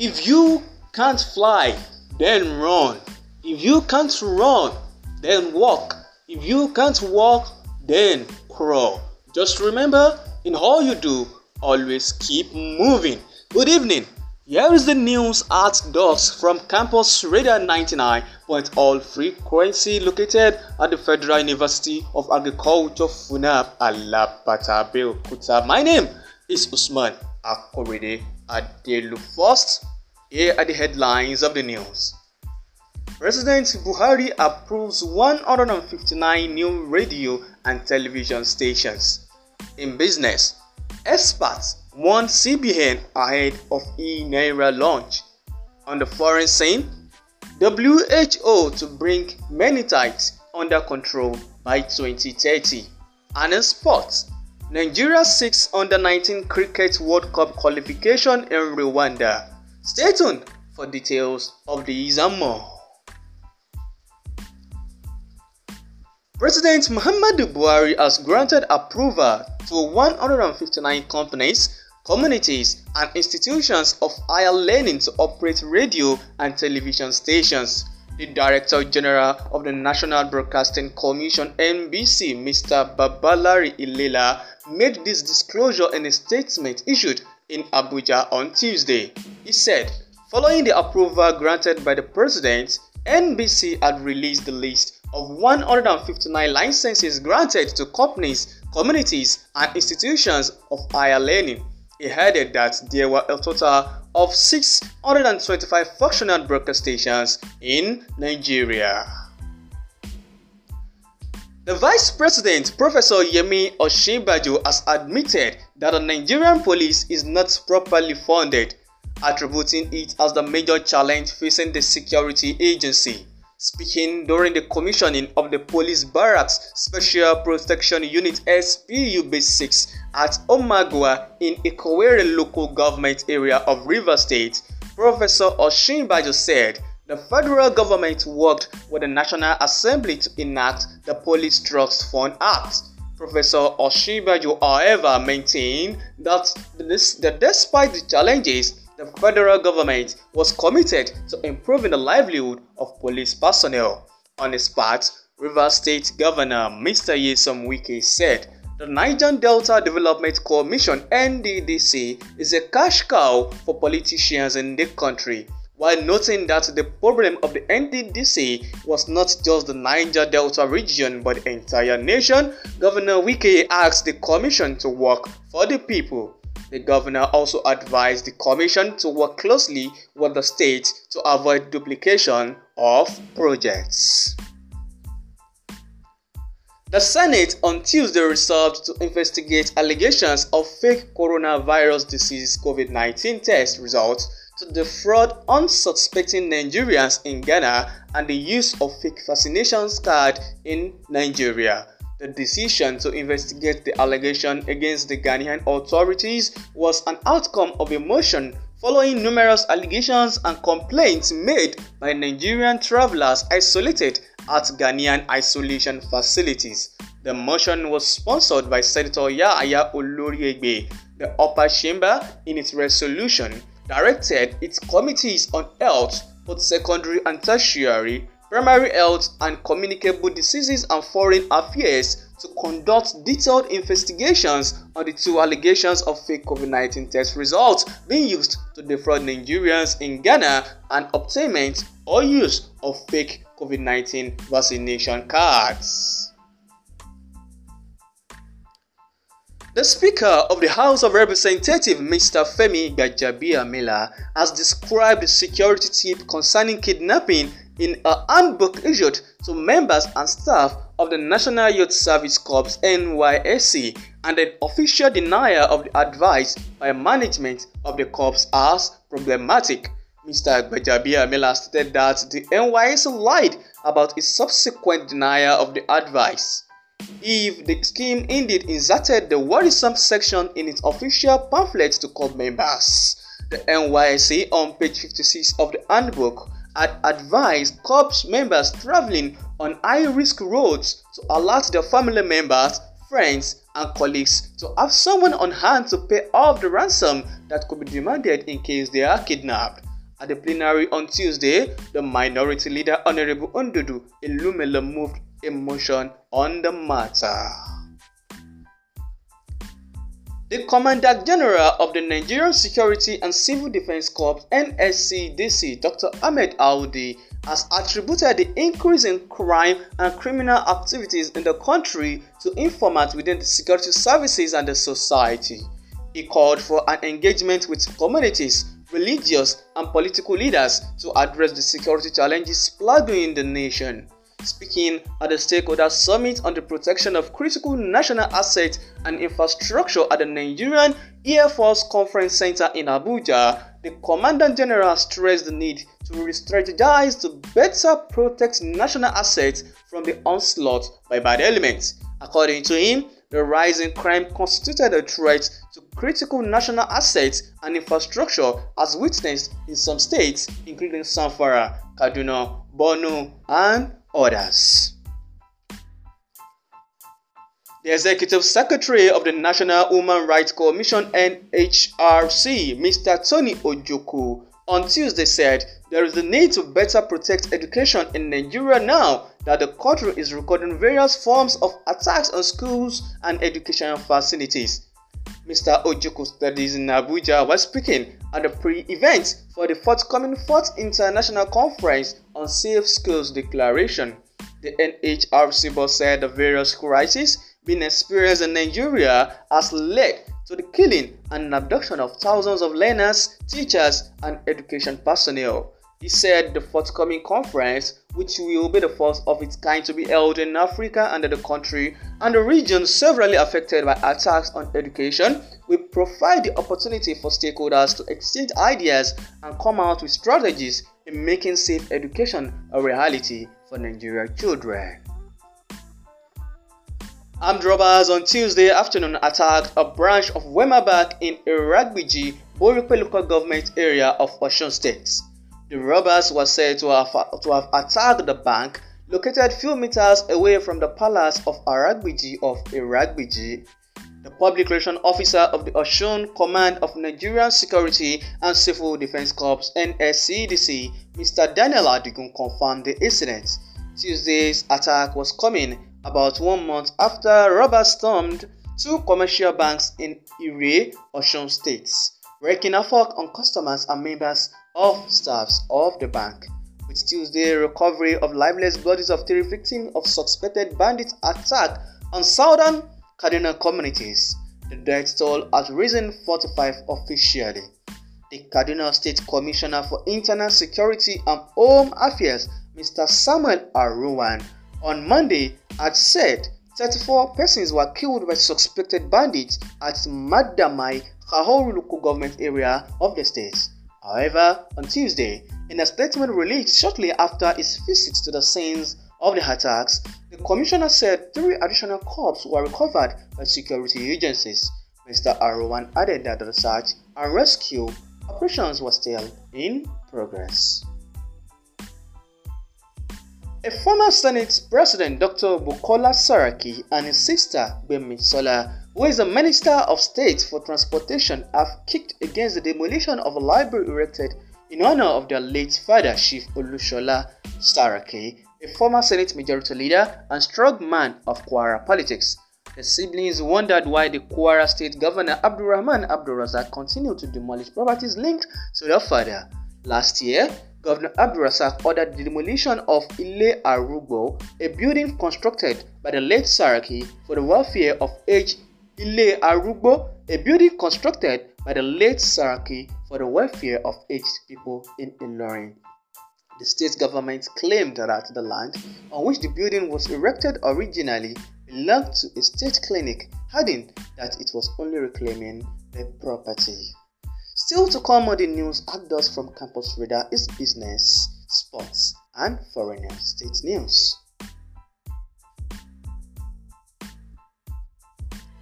If you can't fly, then run. If you can't run, then walk. If you can't walk, then crawl. Just remember, in all you do, always keep moving. Good evening. Here is the news at dusk from Campus Radio 99.all frequency located at the Federal University of Agriculture Funab Alapata Beokuta. My name is Usman Akorede Adelu First. Here are the headlines of the news. President Buhari approves 159 new radio and television stations. In business, experts warn CBN ahead of e-Naira launch. On the foreign scene, WHO to bring many types under control by 2030. And in sports, Nigeria 6 under 19 Cricket World Cup qualification in Rwanda. Stay tuned for details of these and more. President Muhammadu Buhari has granted approval to 159 companies, communities, and institutions of higher learning to operate radio and television stations. The Director General of the National Broadcasting Commission (NBC), Mr. Babalari Ilela, made this disclosure in a statement issued in Abuja on Tuesday. He said, following the approval granted by the president, NBC had released the list of 159 licenses granted to companies, communities, and institutions of higher learning. He added that there were a total of 625 functional broadcast stations in Nigeria. The Vice President, Professor Yemi Osinbajo, has admitted that the Nigerian police is not properly funded, attributing it as the major challenge facing the security agency. Speaking during the commissioning of the Police Barracks Special Protection Unit SPU Base 6 at Omagua in Ikowere local government area of River State, Professor Osinbajo said the federal government worked with the National Assembly to enact the Police Drugs Fund Act. Professor Oshibajo, however, maintained that this, that despite the challenges, the federal government was committed to improving the livelihood of police personnel. On his part, Rivers State Governor Mr. Yesom Wike said, the Niger Delta Development Commission NDDC is a cash cow for politicians in the country while noting that the problem of the NDDC was not just the Niger Delta region but the entire nation, Governor Wike asked the commission to work for the people. The governor also advised the commission to work closely with the state to avoid duplication of projects. The Senate on Tuesday resolved to investigate allegations of fake coronavirus disease COVID 19 test results to defraud unsuspecting Nigerians in Ghana and the use of fake vaccinations card in Nigeria. The decision to investigate the allegation against the Ghanaian authorities was an outcome of a motion following numerous allegations and complaints made by Nigerian travelers isolated at Ghanaian isolation facilities. The motion was sponsored by Senator Yahaya Oloriegbe. The upper chamber, in its resolution, directed its committees on health, both secondary and tertiary, primary health and communicable diseases and foreign affairs to conduct detailed investigations on the two allegations of fake COVID 19 test results being used to defraud Nigerians in Ghana and obtainment or use of fake COVID 19 vaccination cards. The Speaker of the House of Representatives, Mr. Femi Gajabia has described the security tip concerning kidnapping in a handbook issued to members and staff of the National Youth Service Corps NYSC and an official denial of the advice by management of the corps as problematic. Mr. Gajabia Miller stated that the NYSC lied about its subsequent denial of the advice. If the scheme indeed inserted the worrisome section in its official pamphlet to club members, the NYC on page 56 of the handbook had advised club members traveling on high risk roads to alert their family members, friends, and colleagues to have someone on hand to pay off the ransom that could be demanded in case they are kidnapped. At the plenary on Tuesday, the minority leader Honorable Ondudu Ilumele moved emotion on the matter. The Commander General of the Nigerian Security and Civil Defense Corps NSCDC, Dr. Ahmed Aoudi, has attributed the increase in crime and criminal activities in the country to informants within the security services and the society. He called for an engagement with communities, religious, and political leaders to address the security challenges plaguing the nation speaking at the stakeholder summit on the protection of critical national assets and infrastructure at the Nigerian Air Force Conference Center in Abuja, the Commandant General stressed the need to re-strategize to better protect national assets from the onslaught by bad elements. According to him, the rise in crime constituted a threat to critical national assets and infrastructure as witnessed in some states, including Samfara, Kaduna, Borno, and orders. The Executive Secretary of the National Human Rights Commission NHRC, Mr. Tony Ojoku, on Tuesday said there is a need to better protect education in Nigeria now that the country is recording various forms of attacks on schools and educational facilities. Mr. Ojoku studies in Abuja was speaking at a pre event for the forthcoming fourth international conference on Safe Schools Declaration. The NHRC boss said the various crises being experienced in Nigeria has led to the killing and abduction of thousands of learners, teachers, and education personnel. He said the forthcoming conference, which will be the first of its kind to be held in Africa and in the country and the region severely affected by attacks on education, will provide the opportunity for stakeholders to exchange ideas and come out with strategies in making safe education a reality for Nigerian children. Armed robbers on Tuesday afternoon attacked a branch of Wema Bank in Iragbiji, Borikwe local government area of Osun State. The robbers were said to have, to have attacked the bank located few meters away from the palace of Aragbiji of Iragbiji the public relations officer of the Osun Command of Nigerian Security and Civil Defense Corps NSCDC, Mr. Daniel Adigun, confirmed the incident. Tuesday's attack was coming about one month after robbers stormed two commercial banks in Ire, Osun states, wreaking havoc on customers and members of staffs of the bank. With Tuesday's recovery of lifeless bodies of three victims of suspected bandit attack on southern Cardinal Communities, the death toll has risen 45 officially. The Cardinal State Commissioner for Internal Security and Home Affairs, Mr. Samuel Aruan, on Monday had said 34 persons were killed by suspected bandits at Madamai, Kahoru local government area of the state. However, on Tuesday, in a statement released shortly after his visit to the scenes of the attacks, the commissioner said three additional corpses were recovered by security agencies. Mr. Aruwan added that the search and rescue operations were still in progress. A former Senate President Dr. Bukola Saraki and his sister Bemi Sola, who is the Minister of State for Transportation, have kicked against the demolition of a library erected in honor of their late father, Chief Olushola Saraki, a former Senate Majority Leader and strong man of Kwara politics. The siblings wondered why the Kwara State Governor Abdurrahman Abdurrazak continued to demolish properties linked to their father. Last year, Governor Abdurrazak ordered the demolition of Ile Arugbo, a building constructed by the late Saraki for the welfare of aged Ile Arugbo, a building constructed by the late Saraki for the welfare of aged people in Ilorin. The state government claimed that the land on which the building was erected originally belonged to a state clinic, adding that it was only reclaiming the property. Still to come on the news actors from Campus Radar is business, sports, and foreign state news.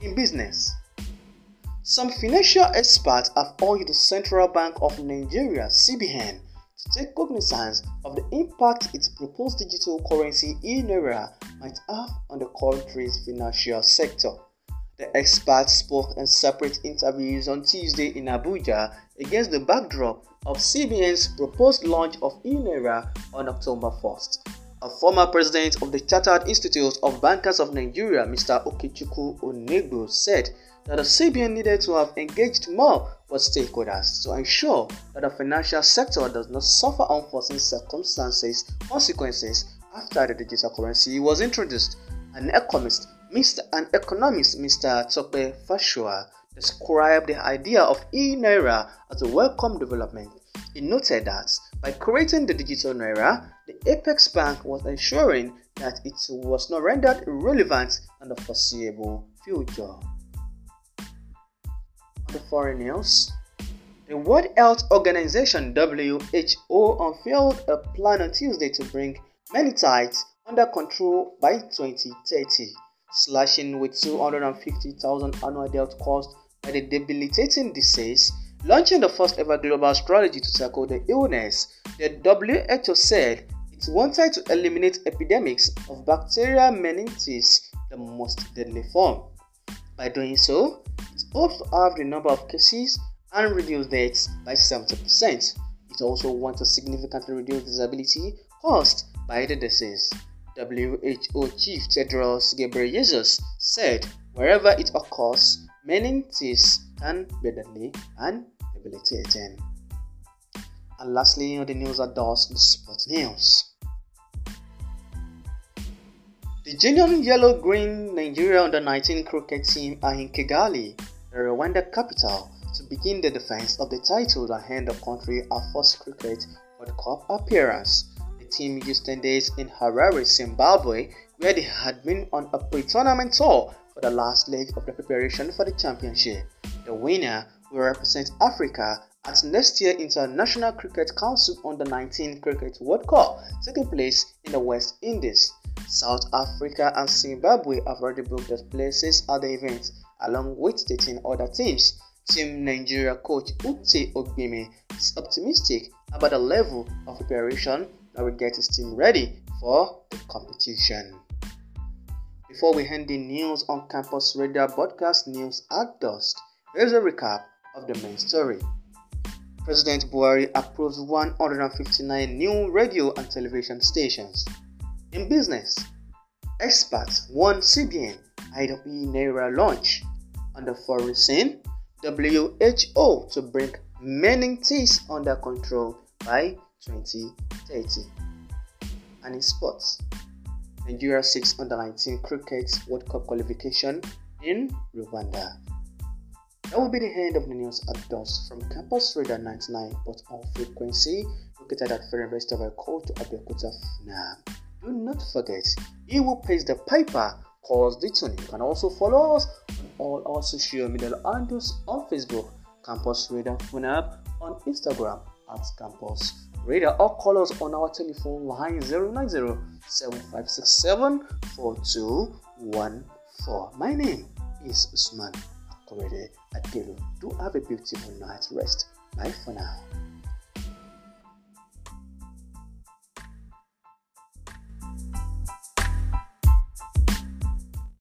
In business, some financial experts have urged the Central Bank of Nigeria, CBN, take cognizance of the impact its proposed digital currency in might have on the country's financial sector. The experts spoke in separate interviews on Tuesday in Abuja against the backdrop of CBN's proposed launch of Inera on October 1st. A former president of the Chartered Institute of Bankers of Nigeria, Mr. Okechukwu Onegbo, said that the CBN needed to have engaged more with stakeholders to ensure that the financial sector does not suffer unforeseen circumstances consequences after the digital currency was introduced. An economist, Mr. An economist, Mr. Tope Fashua, described the idea of e-naira as a welcome development. He noted that by creating the digital naira, the Apex Bank was ensuring that it was not rendered irrelevant in the foreseeable future to foreign news. The World Health Organization WHO unveiled a plan on Tuesday to bring meningitis under control by 2030, slashing with 250,000 annual death caused by the debilitating disease Launching the first ever global strategy to tackle the illness, the WHO said it wanted to eliminate epidemics of bacterial meningitis, the most deadly form. By doing so, both halved the number of cases and reduced deaths by 70%. It also wants to significantly reduce disability caused by the disease. WHO Chief Tedros Ghebreyesus said wherever it occurs, meningitis can be deadly and debilitating. And lastly, on the news at dusk, the sport news. The Genuine Yellow Green Nigeria Under 19 cricket team are in Kigali the Rwanda capital, to begin the defense of the title that hand the country a first Cricket World Cup appearance. The team used 10 days in Harare, Zimbabwe, where they had been on a pre-tournament tour for the last leg of the preparation for the championship. The winner will represent Africa at next year International Cricket Council Under 19 Cricket World Cup taking place in the West Indies. South Africa and Zimbabwe have already booked their places at the event, along with 13 other teams. Team Nigeria coach Ute Ogbime is optimistic about the level of preparation that will get his team ready for the competition. Before we end the news on campus radio broadcast news at dusk, here's a recap of the main story. President Buhari approves 159 new radio and television stations. In business, experts warn CBN IWE Naira launch. On the foreign scene, WHO to bring meningitis under control by 2030. And in sports, Nigeria 6 under 19 cricket World Cup qualification in Rwanda. That will be the end of the news updates from Campus Radar 99, but on frequency located at Ferry Rest of Call to Abeokuta Funab. Do not forget, he will place the piper the Dixon. You can also follow us on all our social media handles on Facebook, Campus Radar Phone app, on Instagram at Campus Radar, or call us on our telephone line 090 7567 4214. My name is Usman Akorede Adelu. Do have a beautiful night rest. Bye for now.